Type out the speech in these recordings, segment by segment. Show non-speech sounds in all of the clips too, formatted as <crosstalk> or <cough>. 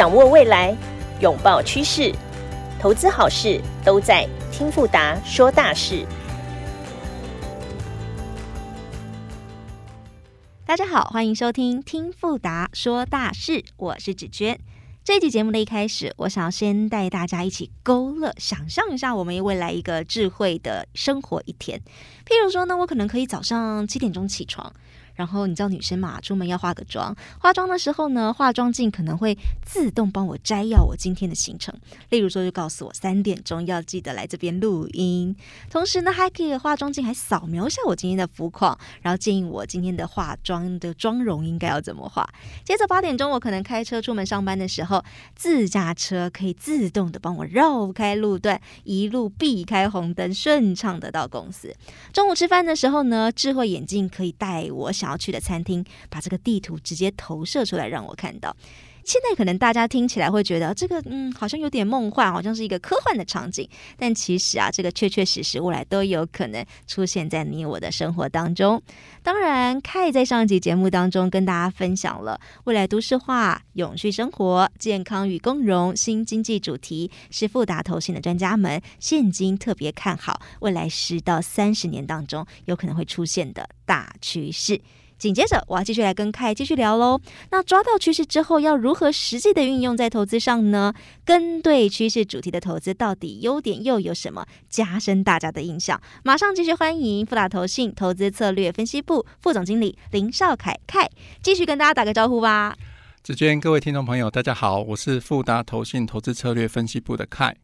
掌握未來，擁抱趨勢，投資好事都在聽富達說大事。大家好，歡迎收聽聽富達說大事，我是芷娟。這期節目的一開始，我想要先帶大家一起勾勒、想象一下我們未來一個智慧的生活一天。譬如說呢，我可能可以早上七點鐘起床。然後你知道女生嘛，出門要化個妝。化妝的時候呢，化妝鏡可能會自動幫我摘要我今天的行程，例如說就告訴我三點鐘要記得來這邊錄音。同時呢，還可以化妝鏡還掃描一下我今天的膚況，然後建議我今天的化妝的妝容應該要怎麼化。接着八點鐘我可能開車出門上班的時候，自駕車可以自動的幫我繞開路段，一路避開紅燈，順暢的到公司。中午吃飯的時候呢，智慧眼鏡可以帶我想。要去的餐廳，把這個地圖直接投射出來，讓我看到。現在可能大家聽起來會覺得這個，嗯，好像有點夢幻，好像是一個科幻的場景。但其實啊，這個確確實實未來都有可能出現在你我的生活當中。當然，凱在上一集節目當中跟大家分享了未來都市化、永續生活、健康與共榮、新經濟主題，是富達投信的專家們現今特別看好未來十到三十年當中有可能會出現的大趨勢。緊接着，我要繼續來跟凱繼續聊嘍。那抓到趨勢之後，要如何實際的運用在投資上呢？跟對趨勢主題的投資到底優點又有什麼？加深大家的印象。馬上繼續歡迎富達投信投資策略分析部副總經理林紹凱凱繼續跟大家打個招呼吧。芷娟，各位聽眾朋友，大家好，我是富達投信投資策略分析部的凱。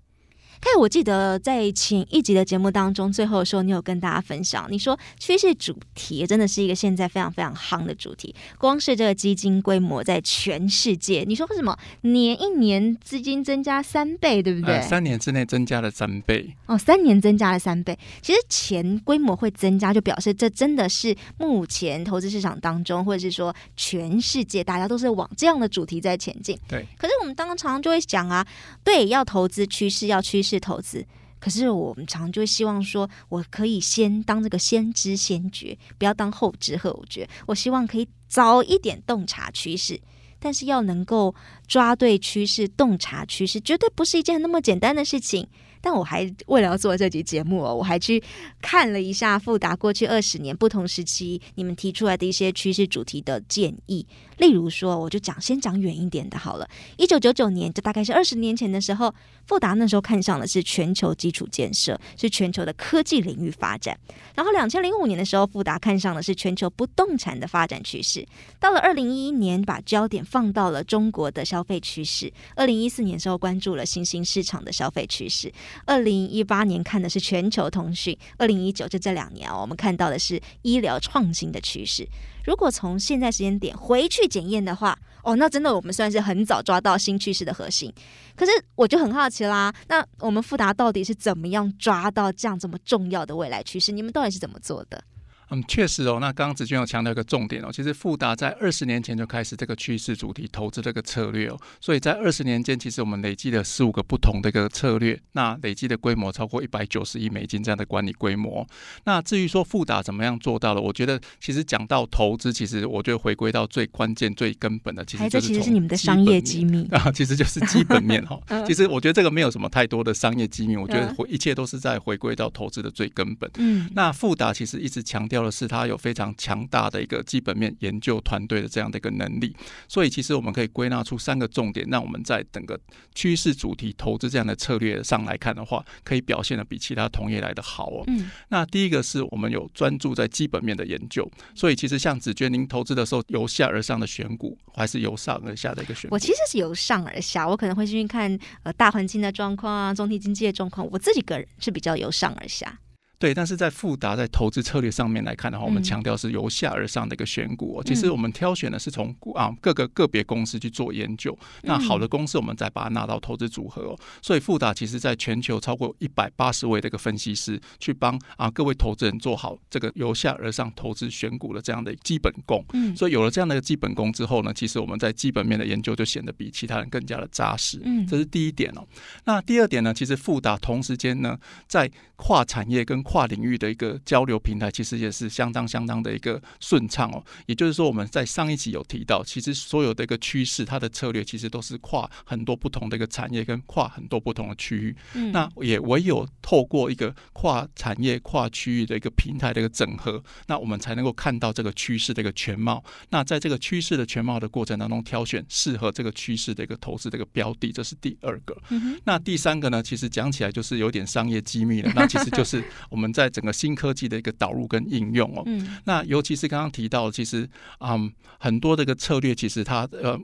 我記得在前一集的節目當中，最後的時候，你有跟大家分享，你說趨勢主題真的是一個現在非常非常夯的主題。光是這個基金規模在全世界，你說為什麼年一年資金增加三倍，對不對？呃、三年之內增加了三倍哦，三年增加了三倍。其實錢規模會增加，就表示這真的是目前投資市場當中，或者是說全世界大家都是往這樣的主題在前進。對。可是我們常常就會講啊，對，要投資趨勢，要趨。是投資，可是我們常常就會希望說，我可以先當這個先知先覺，不要當後知後覺。我希望可以早一點洞察趨勢，但是要能夠抓對趨勢、洞察趨勢，絕對不是一件那麼簡單的事情。但我還為了要做這集節目哦，我還去看了一下富達過去二十年不同時期你們提出來的一些趨勢主題的建議。例如說，我就講先講遠一點的好了。一九九九年，就大概是二十年前的時候，富達那時候看上的是全球基礎建設，是全球的科技領域發展。然後兩千零五年的時候，富達看上的是全球不動產的發展趨勢。到了二零一一年，把焦點放到了中國的消費趨勢。二零一四年時候，關注了新興市場的消費趨勢。二零一八年看的是全球通訊。二零一九就這兩年啊、哦，我們看到的是醫療創新的趨勢。如果從現在時間點回去檢驗的話，哦，那真的我們算是很早抓到新趨勢的核心。可是我就很好奇啦、啊，那我們富達到底是怎麼樣抓到這樣這麼重要的未來趨勢？你們到底是怎麼做的？嗯，確實哦。那剛剛芷娟有強調一個重點哦，其實富達在二十年前就開始這個趨勢主題投資這個策略哦，所以在二十年間，其實我們累積了十五個不同的一個策略，那累積的規模超過一百九十億美金這樣的管理規模哦。那至於說富達怎麼樣做到了，我覺得其實講到投資，其實我覺得回歸到最關鍵、最根本的其實就是基本面，還這其實是你們的商業機密啊，其實就是基本面哈。 <laughs> 其實我覺得這個沒有什麼太多的商業機密， <laughs> 我覺得一切都是在回歸到投資的最根本。嗯，那富達其實一直強調。要的是，它有非常強大的一個基本面研究團隊的這樣的一個能力，所以其實我們可以歸納出三個重點，讓我們在整個趨勢主題投資這樣的策略上來看的話，可以表現的比其他同業來的好哦。嗯，那第一個是我們有專注在基本面的研究，所以其實像芷娟您投資的時候，由下而上的選股還是由上而下的一個選股？我其實是由上而下，我可能會去看呃大環境的狀況啊，總體經濟的狀況，我自己個人是比較由上而下。對，但是在富達，在投資策略上面來看的話，我們強調是由下而上的一個選股，哦嗯。其實我們挑選的是從啊各個個別公司去做研究，嗯，那好的公司我們再把它納到投資組合。哦。所以富達其實在全球超過一百八十位的一個分析師去幫啊各位投資人做好這個由下而上投資選股的這樣的基本功。嗯，所以有了這樣的一個基本功之後呢，其實我們在基本面的研究就顯得比其他人更加的扎實，嗯。這是第一點哦。那第二點呢，其實富達同時間呢在跨產業跟跨領域的一個交流平台，其實也是相當相當的一個順暢哦。也就是說，我們在上一集有提到，其實所有的一個趨勢，它的策略其實都是跨很多不同的一個產業，跟跨很多不同的區域。那也唯有透過一個跨產業、跨區域的一個平台的一個整合，那我們才能夠看到這個趨勢的一個全貌。那在這個趨勢的全貌的過程當中，挑選適合這個趨勢的一個投資的一個標的，這是第二個。那第三個呢，其實講起來就是有點商業機密了。 <laughs> 其實就是我們在整個新科技的一個導入跟應用哦，嗯、那尤其是剛剛提到，其實啊、嗯、很多這個策略，其實它呃。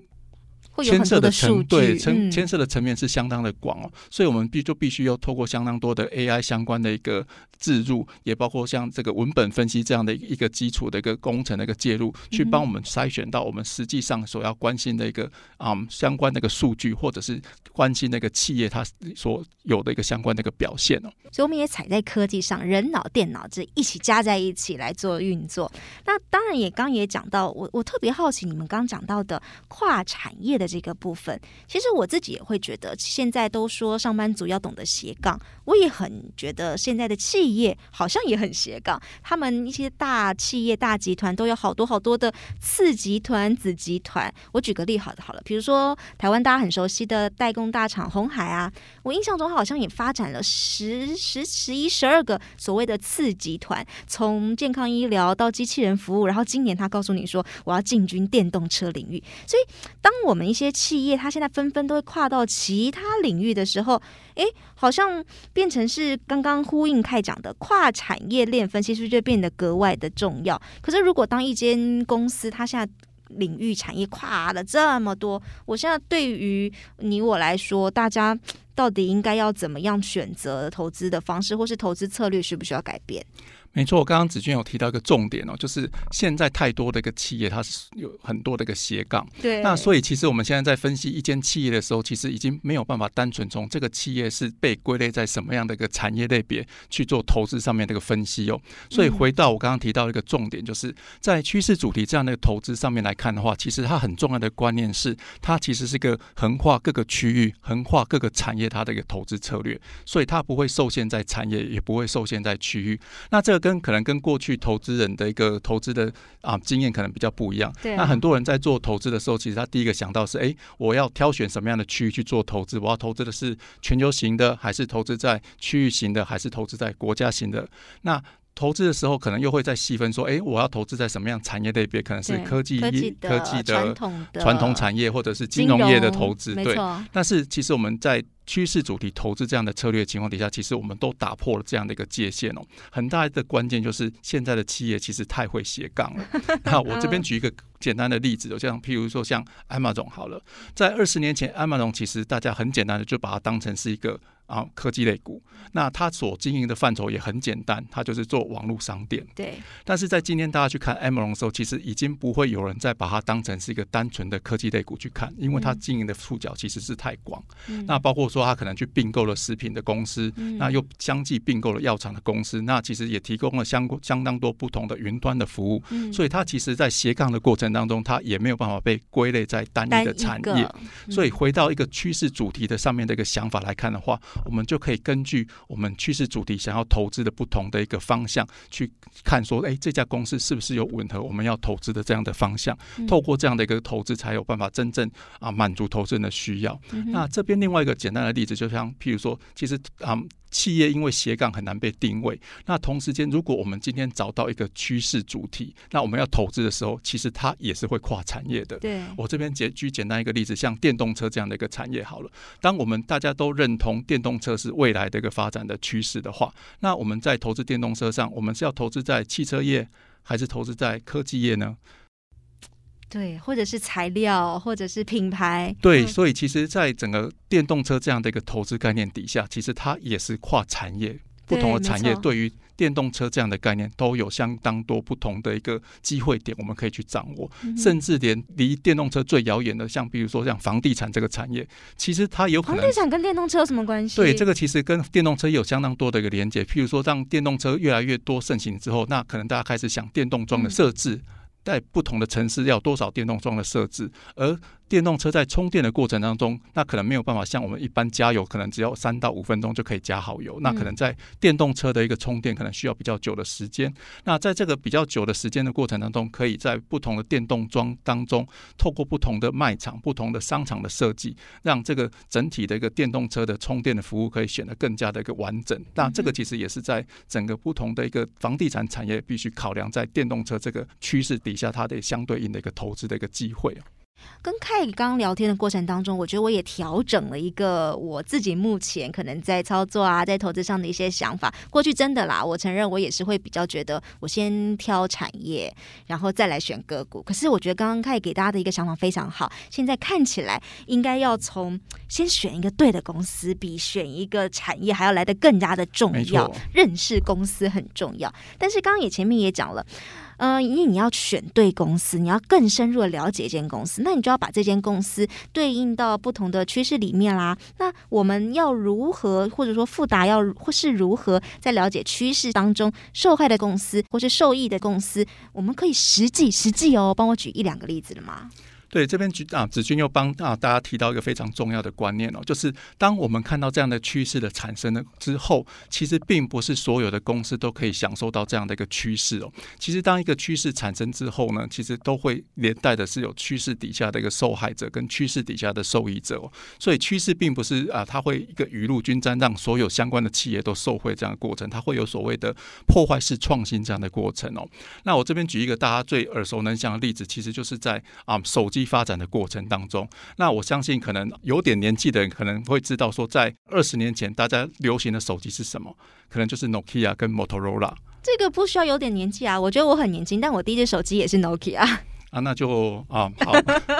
會有很多的數據牽涉的層對，牽涉的層面是相當的廣哦，嗯、所以我們必就必須要透過相當多的 AI 相關的一個置入，也包括像這個文本分析這樣的一個基礎的一個工程的一個介入，嗯、去幫我們篩選到我們實際上所要關心的一個啊、嗯、相關的一個數據，或者是關心那個企業它所有的一個相關的一個表現哦。所以我們也踩在科技上，人腦、電腦這一起加在一起來做運作。那當然也剛也講到，我我特別好奇你們剛剛講到的跨產業的。的這個部分，其實我自己也會覺得，現在都說上班族要懂得斜槓，我也很覺得現在的企業好像也很斜槓。他們一些大企業、大集團都有好多好多的次集團、子集團。我舉個例，好好了，比如說台灣大家很熟悉的代工大廠鴻海啊，我印象中好像也發展了十十十一十二個所謂的次集團，從健康醫療到機器人服務，然後今年他告訴你說，我要進軍電動車領域。所以當我們一些企業，它現在紛紛都會跨到其他領域的時候，誒、欸，好像變成是剛剛呼應凱講的跨產業鏈分析，是不是就變得格外的重要？可是，如果當一間公司它現在領域產業跨了這麼多，我現在對於你我來說，大家到底應該要怎麼樣選擇投資的方式，或是投資策略，需不需要改變？沒錯，我剛剛芷娟有提到一個重點哦，就是現在太多的一個企業，它是有很多的一個斜槓。對。那所以其實我們現在在分析一間企業的時候，其實已經沒有辦法單純從這個企業是被歸類在什麼樣的一個產業類別去做投資上面的一個分析哦。所以回到我剛剛提到一個重點，就是、嗯，在趨勢主題這樣的投資上面來看的話，其實它很重要的觀念是，它其實是一個橫跨各個區域、橫跨各個產業它的一個投資策略，所以它不會受限在產業，也不會受限在區域。那這個跟可能跟過去投資人的一個投資的啊經驗可能比較不一樣。啊、那很多人在做投資的時候，其實他第一個想到是：誒、欸，我要挑選什麼樣的區域去做投資？我要投資的是全球型的，還是投資在區域型的，還是投資在國家型的？那投資的時候，可能又會再細分說：誒、欸，我要投資在什麼樣產業類別？可能是科技、科技的傳統產業，或者是金融業的投資。對，但是其實我們在。趨勢主題投資這樣的策略的情況底下，其實我們都打破了這樣的一個界限哦、喔。很大的關鍵就是現在的企業其實太會斜槓了。 <laughs> 那我這邊舉一個簡單的例子，就像譬如說像 Amazon 好了，在二十年前，Amazon 其實大家很簡單的就把它當成是一個。啊，科技類股，那它所經營的範疇也很簡單，它就是做網絡商店。對。但是在今天大家去看 Amazon 的時候，其實已經不會有人再把它當成是一個單純的科技類股去看，因為它經營的觸角其實是太廣、嗯。那包括說它可能去併購了食品的公司，嗯、那又相繼併購了藥廠的公司、嗯，那其實也提供了相相當多不同的雲端的服務、嗯。所以它其實，在斜槓的過程當中，它也沒有辦法被歸類在單一的產業。嗯、所以回到一個趨勢主題的上面的一個想法來看的話。我們就可以根據我們趨勢主題想要投資的不同的一個方向，去看說，哎、欸，這家公司是不是有吻合我們要投資的這樣的方向？透過這樣的一個投資，才有辦法真正啊滿足投資人的需要。嗯、那這邊另外一個簡單的例子，就像譬如說，其實啊。嗯企業因為斜槓很難被定位，那同時間，如果我們今天找到一個趨勢主題，那我們要投資的時候，其實它也是會跨產業的。對，我這邊簡舉簡單一個例子，像電動車這樣的一個產業好了。當我們大家都認同電動車是未來的一個發展的趨勢的話，那我們在投資電動車上，我們是要投資在汽車業，還是投資在科技業呢？對，或者是材料，或者是品牌。對，嗯、所以其實，在整個電動車這樣的一個投資概念底下，其實它也是跨產業，不同的產業對於電動車這樣的概念都有相當多不同的一個機會點，我們可以去掌握、嗯。甚至連離電動車最遙遠的，像比如說像房地產這個產業，其實它有可能。房地產跟電動車有什麼關係？對，這個其實跟電動車有相當多的一個連接。譬如說，讓電動車越來越多盛行之後，那可能大家開始想電動樁的設置。嗯在不同的城市要多少電動樁的設置？而電動車在充電的過程當中，那可能沒有辦法像我們一般加油，可能只要三到五分鐘就可以加好油。那可能在電動車的一個充電，可能需要比較久的時間。那在這個比較久的時間的過程當中，可以在不同的電動樁當中，透過不同的賣場、不同的商場的設計，讓這個整體的一個電動車的充電的服務可以顯得更加的一個完整。那這個其實也是在整個不同的一個房地產產業必須考量在電動車這個趨勢底下，它的相對應的一個投資的一個機會啊。跟凱剛剛聊天的過程當中，我覺得我也調整了一個我自己目前可能在操作啊，在投資上的一些想法。過去真的啦，我承認我也是會比較覺得我先挑產業，然後再來選個股。可是我覺得剛剛凱給大家的一個想法非常好，現在看起來應該要從先選一個對的公司，比選一個產業還要來得更加的重要。認識公司很重要，但是剛剛也前面也講了。嗯、呃，因為你要選對公司，你要更深入的了解一間公司，那你就要把這間公司對應到不同的趨勢裡面啦。那我們要如何，或者說富達要或是如何在了解趨勢當中受害的公司或是受益的公司，我們可以實際實際哦，幫我舉一兩個例子了嗎？對，這邊舉啊，芷娟又幫啊大家提到一個非常重要的觀念哦，就是當我們看到這樣的趨勢的產生了之後，其實並不是所有的公司都可以享受到這樣的一個趨勢哦。其實當一個趨勢產生之後呢，其實都會連帶的是有趨勢底下的一個受害者跟趨勢底下的受益者哦。所以趨勢並不是啊，它會一個雨露均沾，讓所有相關的企業都受惠這樣的過程，它會有所謂的破壞式創新這樣的過程哦。那我這邊舉一個大家最耳熟能詳的例子，其實就是在啊手機。發展的過程當中，那我相信可能有點年紀的人可能會知道，說在二十年前大家流行的手機是什麼，可能就是 Nokia 跟 Motorola。這個不需要有點年紀啊，我覺得我很年輕，但我第一隻手機也是 Nokia。啊，那就啊好，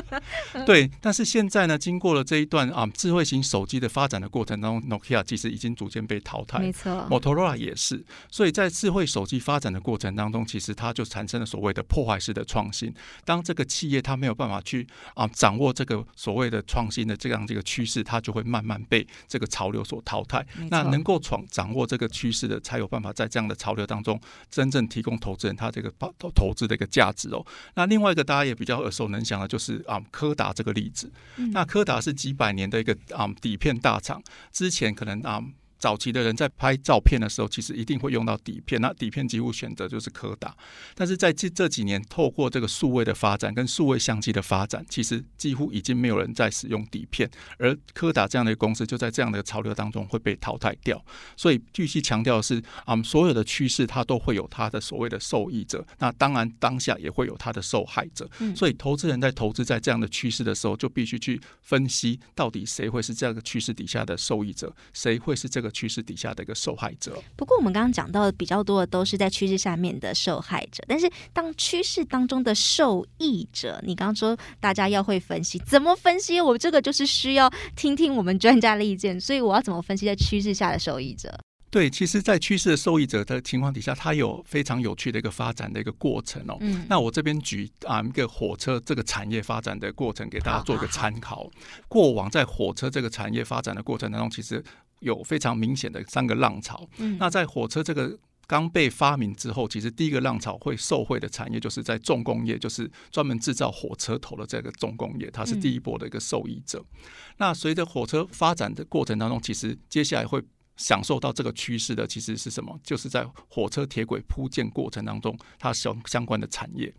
<laughs> 對，但是現在呢，經過了這一段啊，智慧型手機的發展的過程當中，Nokia 其實已經逐漸被淘汰，沒錯，摩托羅拉也是，所以在智慧手機發展的過程當中，其實它就產生了所謂的破壞式的創新。當這個企業它沒有辦法去啊掌握這個所謂的創新的這樣這個趨勢，它就會慢慢被這個潮流所淘汰。那能夠闖掌握這個趨勢的，才有辦法在這樣的潮流當中真正提供投資人他這個投投資的一個價值哦。那另外一個。大家也比較耳熟能詳的，就是啊，柯、um, 達這個例子。嗯、那柯達是幾百年的一個啊、um, 底片大廠，之前可能啊。Um, 早期的人在拍照片的時候，其實一定會用到底片，那底片幾乎選擇就是柯達。但是在這這幾年，透過這個數位的發展跟數位相機的發展，其實幾乎已經沒有人在使用底片，而柯達這樣的公司就在這樣的潮流當中會被淘汰掉。所以，繼續強調的是，啊、嗯，所有的趨勢它都會有它的所謂的受益者，那當然當下也會有它的受害者。所以，投資人在投資在這樣的趨勢的時候，就必須去分析到底誰會是這樣的趨勢底下的受益者，誰會是這個。趨勢底下的一個受害者。不過，我們剛剛講到的比較多的都是在趨勢下面的受害者。但是，當趨勢當中的受益者，你剛剛說大家要會分析，怎麼分析？我這個就是需要聽聽我們專家的意見。所以，我要怎麼分析在趨勢下的受益者？對，其實，在趨勢的受益者的情況底下，它有非常有趣的一個發展的一個過程哦。嗯。那我這邊舉啊一個火車這個產業發展的過程，給大家做一個參考。好好。過往在火車這個產業發展的過程當中，其實。有非常明顯的三個浪潮。嗯。那在火車這個剛被發明之後，其實第一個浪潮會受惠的產業，就是在重工業，就是專門製造火車頭的這個重工業，它是第一波的一個受益者。嗯。那隨着火車發展的過程當中，其實接下來會。享受到這個趨勢的其實是什麼？就是在火車鐵軌鋪建過程當中，它相相關的產業。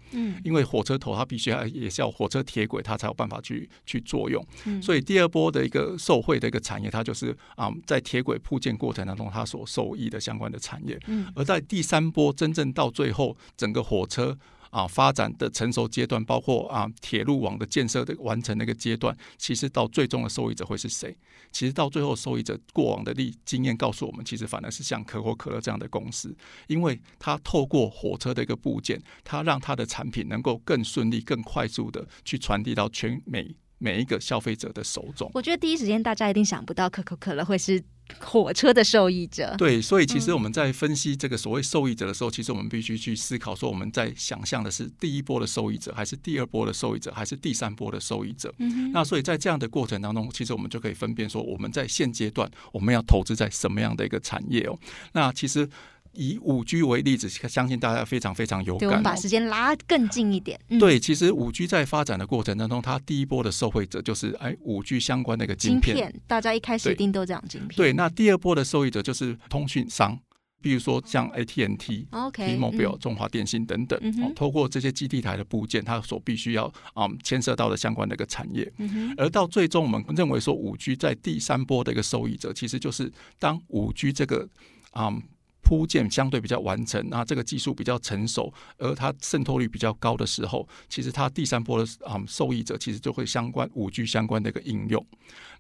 因為火車頭它必須要也是要火車鐵軌，它才有辦法去去作用。所以第二波的一個受惠的一個產業，它就是啊、嗯，在鐵軌鋪建過程當中，它所受益的相關的產業。而在第三波真正到最後，整個火車。啊，發展的成熟階段，包括啊鐵路網的建設的完成那個階段，其實到最終的受益者會是誰？其實到最後受益者，過往的歷經驗告訴我們，其實反而是像可口可樂這樣的公司，因為它透過火車的一個布建，它讓它的產品能夠更順利、更快速的去傳遞到全美。每一個消費者的手中，我覺得第一時間大家一定想不到可口可樂會是火車的受益者。對，所以其實我們在分析這個所謂受益者的時候，嗯、其實我們必須去思考說，我們在想象的是第一波的受益者，還是第二波的受益者，還是第三波的受益者？嗯哼。那所以在這樣的過程當中，其實我們就可以分辨說，我們在現階段我們要投資在什麼樣的一個產業哦？那其實。以五 G 為例子，相信大家非常非常有感。對，我們把時間拉更近一點。嗯、對，其實五 G 在發展的過程當中，它第一波的受惠者就是哎，五 G 相關的一個晶片，晶片。大家一開始一定都講晶片。對。對，那第二波的受益者就是通訊商，比如說像 AT&T、oh, okay,、T-Mobile、中華電信等等，通、嗯哦、過這些基地台的部件，它所必須要啊牽、嗯、涉到的相關的一個產業。嗯、而到最終，我們認為說五 G 在第三波的一個受益者，其實就是當五 G 這個啊。嗯鋪建相對比較完成，那這個技術比較成熟，而它滲透率比較高的時候，其實它第三波的啊、嗯、受益者，其實就會相關五 G 相關的一個應用。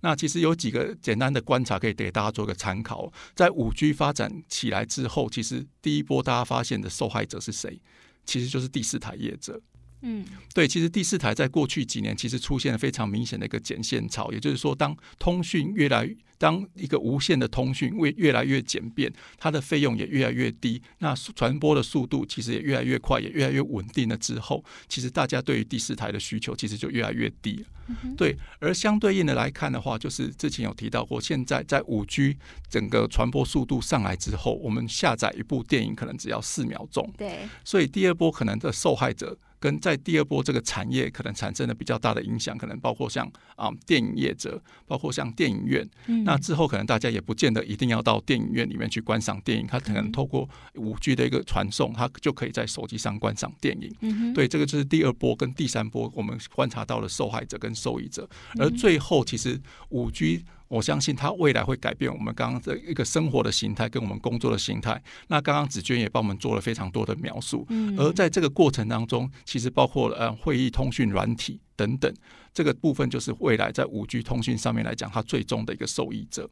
那其實有幾個簡單的觀察可以給大家做一個參考，在五 G 發展起來之後，其實第一波大家發現的受害者是誰？其實就是第四台業者。嗯，對，其實第四台在過去幾年其實出現了非常明顯的一個剪線潮，也就是說，當通訊越來，當一個無線的通訊為越來越簡便，它的費用也越來越低，那傳播的速度其實也越來越快，也越來越穩定了。之後，其實大家對於第四台的需求其實就越來越低、嗯、對，而相對應的來看的話，就是之前有提到過，現在在五 G 整個傳播速度上來之後，我們下載一部電影可能只要四秒鐘。對，所以第二波可能的受害者。跟在第二波這個產業可能產生了比較大的影響，可能包括像啊、嗯、電影業者，包括像電影院、嗯。那之後可能大家也不見得一定要到電影院裡面去觀賞電影，它可能透過五 G 的一個傳送，它就可以在手機上觀賞電影、嗯。對，這個就是第二波跟第三波我們觀察到了受害者跟受益者。而最後，其實五 G。我相信它未來會改變我們剛剛的一個生活的形態跟我們工作的形態。那剛剛芷娟也幫我們做了非常多的描述，嗯、而在這個過程當中，其實包括呃會議通訊軟體等等，這個部分就是未來在 5G 通訊上面來講，它最終的一個受益者。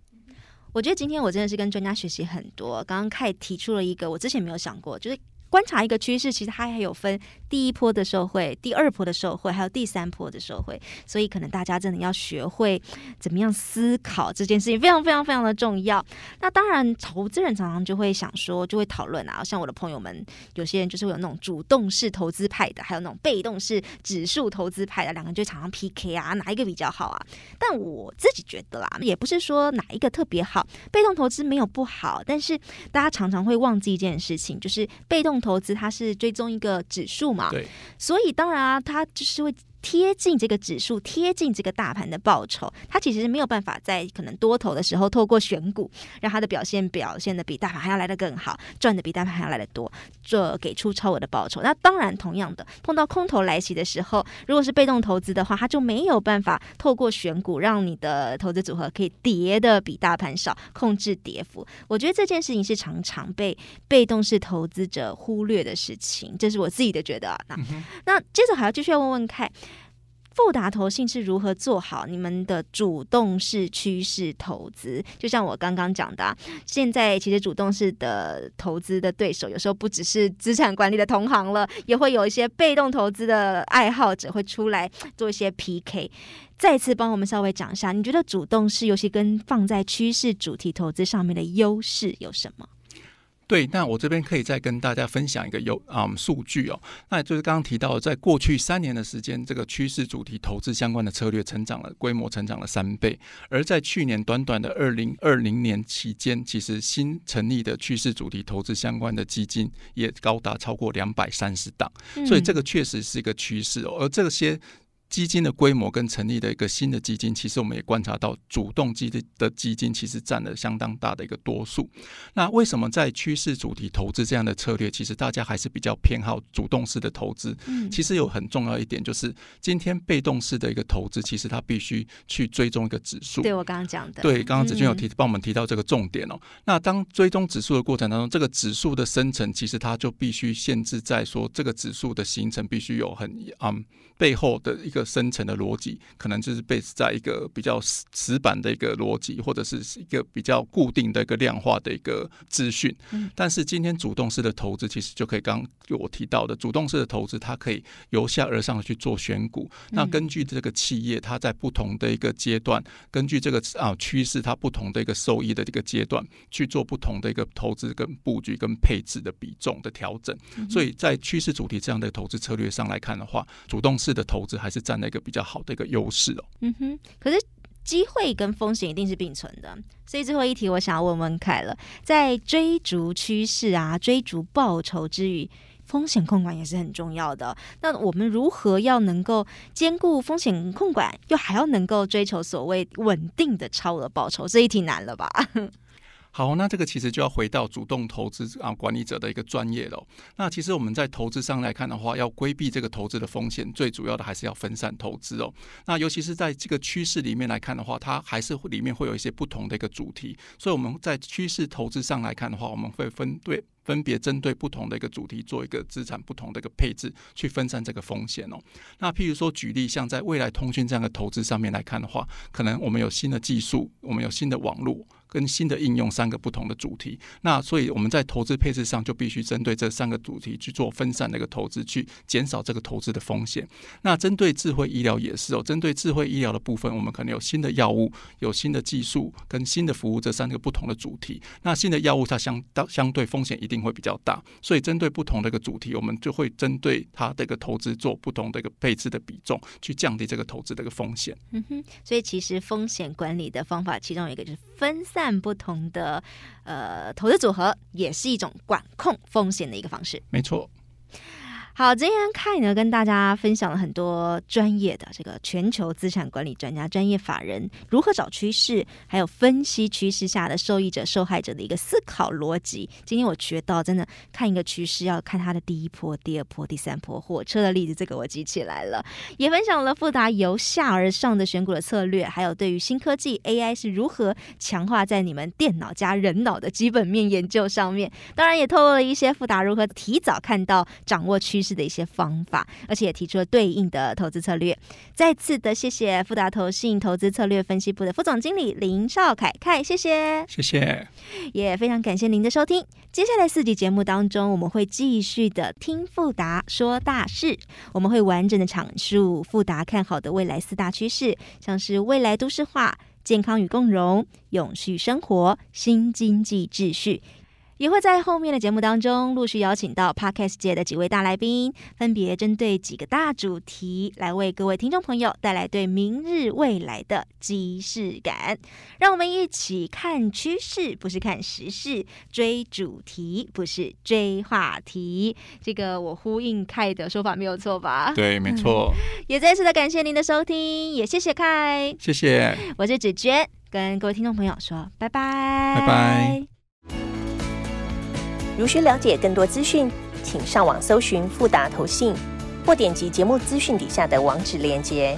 我覺得今天我真的是跟專家學習很多。剛剛凱提出了一個我之前沒有想過，就是。觀察一個趨勢，其實它還有分第一波的受惠、第二波的受惠，還有第三波的受惠，所以可能大家真的要學會怎麼樣思考這件事情，非常非常非常的重要。那當然，投資人常常就會想說，就會討論啊，像我的朋友們，有些人就是會有那種主動式投資派的，還有那種被動式指數投資派的，兩個人就常常 PK 啊，哪一個比較好啊？但我自己覺得啦，也不是說哪一個特別好，被動投資沒有不好，但是大家常常會忘記一件事情，就是被動。投資它是追蹤一個指數嘛，對，所以當然啊，它就是會，貼近這個指數，貼近這個大盤的報酬，它其實是沒有辦法在可能多頭的時候，透過選股讓它的表現表現的比大盤還要來得更好，賺的比大盤還要來得多，這給出超額的報酬。那當然，同樣的，碰到空頭來襲的時候，如果是被動投資的話，它就沒有辦法透過選股讓你的投資組合可以跌的比大盤少，控制跌幅。我覺得這件事情是常常被被動式投資者忽略的事情，這是我自己的覺得啊。那、嗯、那接着還要繼續要問問看。富達投信是如何做好你們的主動式趨勢投資？就像我剛剛講的、啊，現在其實主動式的投資的對手，有時候不只是資產管理的同行了，也會有一些被動投資的愛好者會出來做一些 PK。再次幫我們稍微講一下，你覺得主動式，尤其跟放在趨勢主題投資上面的優勢有什麼？對，那我這邊可以再跟大家分享一個有啊，嗯，數據哦，那就是剛剛提到的，在過去三年的時間，這個趨勢主題投資相關的策略成長了，規模成長了三倍，而在去年短短的二零二零年期間，其實新成立的趨勢主題投資相關的基金也高達超過兩百三十檔，嗯，所以這個確實是一個趨勢哦，而這些。基金的規模跟成立的一個新的基金，其實我們也觀察到，主動基的基金其實佔了相當大的一個多數。那為什麼在趨勢主題投資這樣的策略，其實大家還是比較偏好主動式的投資？嗯，其實有很重要一點就是，今天被動式的一個投資，其實它必須去追蹤一個指數。對，我剛剛講的，對，剛剛芷娟有提，嗯，幫我們提到這個重點哦。那當追蹤指數的過程當中，這個指數的生成，其實它就必須限制在說這個指數的形成必須有很嗯。背後的一個深層的邏輯，可能就是被在一個比較死死板的一個邏輯，或者是一個比較固定的一個量化的一個資訊。嗯、但是今天主動式的投資其實就可以，剛就我提到的主動式的投資，它可以由下而上的去做選股、嗯。那根據這個企業，它在不同的一個階段，根據這個啊趨勢，它不同的一個收益的這個階段，去做不同的一個投資跟佈局跟配置的比重的調整。嗯、所以在趨勢主題這樣的投資策略上來看的話，主動式。的投資還是佔了一個比較好的一個優勢哦。嗯哼，可是機會跟風險一定是並存的，所以最後一題我想要問問凱了，在追逐趨勢啊、追逐報酬之餘，風險控管也是很重要的。那我們如何要能夠兼顧風險控管，又還要能夠追求所謂穩定的超額報酬？這一題難了吧？ <laughs> 好，那這個其實就要回到主動投資啊，管理者的一個專業了哦。那其實我們在投資上來看的話，要規避這個投資的風險，最主要的還是要分散投資哦。那尤其是在這個趨勢裡面來看的話，它還是裡面會有一些不同的一個主題，所以我們在趨勢投資上來看的話，我們會分，對。分別針對不同的一個主題做一個資產不同的一個配置，去分散這個風險哦。那譬如說舉例，像在未來通訊這樣的投資上面來看的話，可能我們有新的技術，我們有新的網絡跟新的應用三個不同的主題。那所以我們在投資配置上就必須針對這三個主題去做分散的一個投資，去減少這個投資的風險。那針對智慧醫療也是哦，針對智慧醫療的部分，我們可能有新的藥物、有新的技術跟新的服務這三個不同的主題。那新的藥物它相當相對風險一定定會比較大，所以針對不同的一個主題，我們就會針對它的一個投資做不同的一個配置的比重，去降低這個投資的一個風險。嗯哼，所以其實風險管理的方法，其中一個就是分散不同的呃投資組合，也是一種管控風險的一個方式。沒錯。好，今天看呢跟大家分享了很多專業的這個全球資產管理專家、專業法人如何找趨勢，還有分析趨勢下的受益者、受害者的一個思考邏輯。今天我覺得真的看一個趨勢要看它的第一波、第二波、第三波。火車的例子這個我記起來了，也分享了富達由下而上的選股的策略，還有對於新科技 AI 是如何強化在你們電腦加人腦的基本面研究上面。當然也透露了一些富達如何提早看到掌握趨。趨勢的一些方法，而且也提出了對應的投資策略。再次的，謝謝富達投信投資策略分析部的副總經理林紹凱，凱，謝謝，謝謝，也非常感謝您的收聽。接下來四集節目當中，我們會繼續的聽富達說大事，我們會完整的闡述富達看好的未來四大趨勢，像是未來都市化、健康與共融、永續生活、新經濟秩序。也會在後面的節目當中陸續邀請到 Podcast 界的幾位大來賓，分別針對幾個大主題來為各位聽眾朋友帶來對明日未來的即視感。讓我們一起看趨勢，不是看時事；追主題，不是追話題。這個我呼應 Kai 的說法沒有錯吧？對，沒錯。 <laughs> 也再一次的感謝您的收聽，也謝謝 Kai。謝謝。我是芷娟，跟各位聽眾朋友說拜拜。拜拜。如需了解更多資訊，請上網搜尋富達投信，或點擊節目資訊底下的網址鏈接。